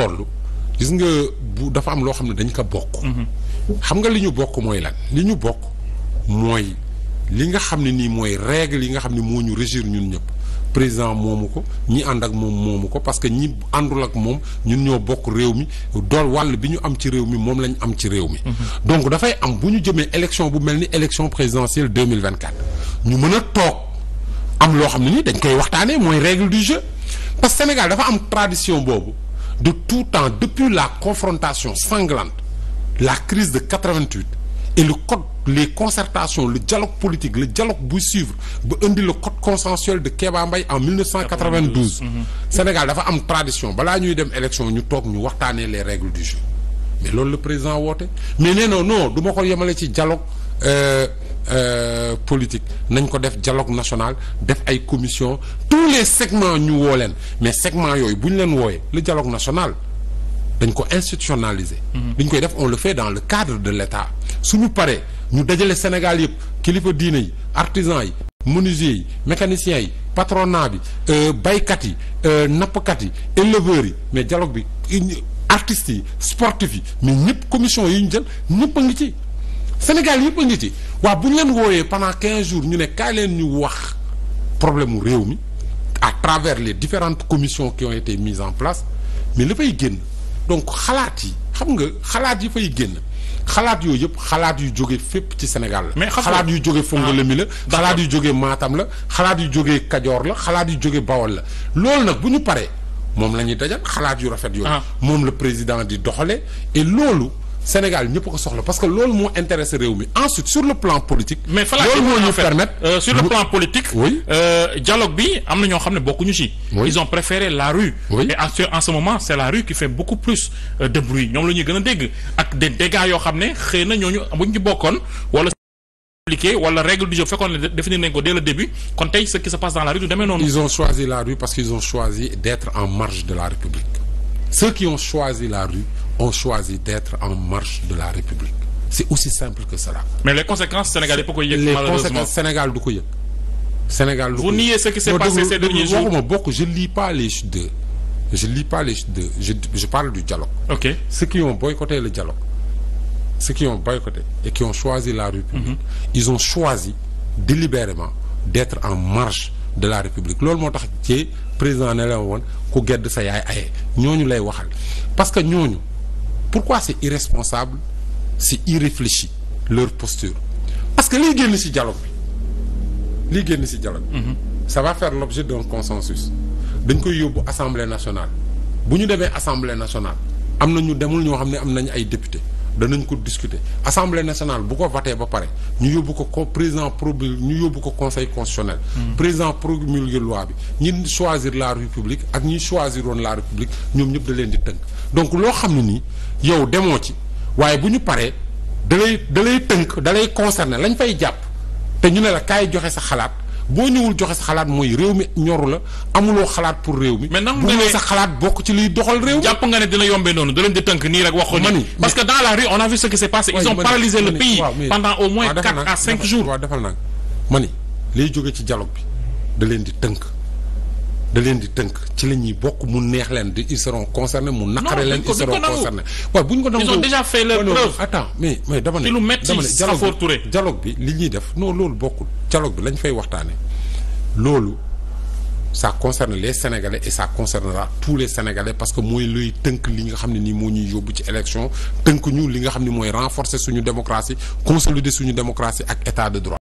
toll gis nga bu dafa am loo xam ne dañ ko bokk. Mhm. xam li ñu bokk mooy lan li ñu bokk mooy li nga xam ne nii mooy règle yi nga xam ne moo ñu régir ñun ñëpp président moomu ko ñi ànd ak moom moomu ko parce que ñi àndul moom ñun ñoo bokk réew mi dool wàll bi ñu am ci réew mi moom lañ am ci réew mi. Mhm. donc dafay am bu ñu jëmee élection bu mel ni élection présidentielle deux mille vingt quatre ñu mën a toog am loo xam ne ni dañ koy waxtaanee mooy règle du jeu parce Sénégal dafa am tradition boobu. de tout temps depuis la confrontation sanglante la crise de 88 et le code les concertations le dialogue politique le dialogue buy suivre bu indi le code consensuel de Kéba Mbaye en 1992. Mhm. Sénégal dafa am tradition balaa ñuy dem élection ñu toog ñu waxtaanee les règles du jeu mais loolu le président woote mais nee na duma du ma ko yemale ci dialogue. Euh, Euh, politique nañ ko def dialogue national def ay commission tous les segments ñu woo leen mais segments yooyu bu ñu leen wooyee le dialogue national dañ ko institutionnaliser. li mhm. ñu koy def on le fait dans le cadre de l'État suñu paree ñu dajale Sénégal yëpp kilifa diine yi artisans yi menuisiers yi mécaniciens yi patronat bi euh, baykat yi euh, nappkat yi éleveurs yi mais dialogue bi artistes yi sportifs yi mais ñëpp commission yi ñu jël ñëpp a ngi ci Sénégal yëpp a waaw bu ñu leen wooyee pendant quinze jours ñu ne kaay leen ñu wax problème mu réew mi à travers les différentes commissions qui ont été mises en place mais li fay génn donc xalaat yi xam nga xalaat yi fay génn xalaat yooyu yëpp xalaat yu jóge fépp ci Sénégal la. mais xalaat yu jóge Fongolemi la. Ah, xalaat yu jóge maatam la xalaat yu jóge Kajoor la xalaat yu jóge Bawol la loolu nag bu ñu paree moom la ñuy dajal xalaat yu rafet yooyu. Ah. moom la président di doxale loolu. Sénégal ñëpp ko soxla parce que loolu moo intéressé réew mi ensuite sur le plan politique. mais fa loolu moo ñu euh, sur le plan politique. oui euh, dialogue bi am na ñoo xam ne bokkuñu ci. ils ont préféré la rue. oui et en en ce moment c' la rue qui fait beaucoup plus euh, de bruit ñoom la ñuy gën a dégg ak des dégâts yoo xam ne xëy na ñooñu buñ ci bokkoon wala. wala règle du jeu fekkoon ne définir nañ ko dès le début kon tey ce qui se passe dans la rue Ceux qui ont choisi la rue ont choisi d'être en marche de la République. C'est aussi simple que cela. Mais les conséquences Sénégal ko yëg malheureusement. Les du ko yëg. Sénégal du ko yëg. bokk je lis pas les deux. Je lis pas les deux. Je je parle du dialogue. Ceux qui ont boycotté le dialogue. Ceux qui ont boycotté et qui ont choisi la République. Mm-hmm. Ils ont choisi délibérément d'être en marche de la république loolu moo tax ci président ne la woon ku gedd sa yaay aye ñooñu lay waxal parce que ñooñu pourquoi c'est irresponsable c'est irréfléchi leur posture parce que liy génn ci dialogue bi liy génn ci dialogue bi mhm. ça va faire l'objet d'un consensus dañ koy yóbbu assemblée nationale bu ñu demee assemblée nationale am na ñu demul ñoo xam ne am nañu ay député danañ ko discuter assemblée nationale bu ko voté ba pare ñu yóbbu ko président promulgue ñu yóbbu ko conseil constitutionnel. Hmm. président promulgue loi bi ñu choisir la république ak ñu choisir woon la république ñoom ñëpp daleen di tënk donc loo xam ne nii yow demoo ci waaye bu ñu paree da dalay tënk da lay concerné lañ fay jàpp te ñu ne la kaay joxe sa xalaat. boo ñëwul joxe sa xalaat mooy réew mi ñoru la amuloo xalaat pour réew mi. mais nangu nga sa xalaat bokk ci liy doxal réew mi. jàpp nga ne dina yombee noonu da di tënk nii rek wax ko nii. parce que dans la rue on a vu ce qui s'est passé. ils ont paralysé le pays pendant au moins quatre à cinq jours. waaw defal naa ma ni liy jóge ci dialogue bi da leen di tënk. da leen di tënk ci la ñuy bokk mu neex leen di ils seront concernés mu naqare leen ils seront concernés waaw ko nangu ils ont déjà fait leur preuve attends mais mais dama bi li ñuy def non loolu bokkul dialogue bi lañ fay waxtaane loolu ça concerne les sénégalais et ça concernera tous les sénégalais parce que mooy luy tënk li nga xam ne nii moo ñuy yóbbu ci élection tënk ñu li nga xam ne mooy renforcer suñu démocratie consolider suñu démocratie ak état de droit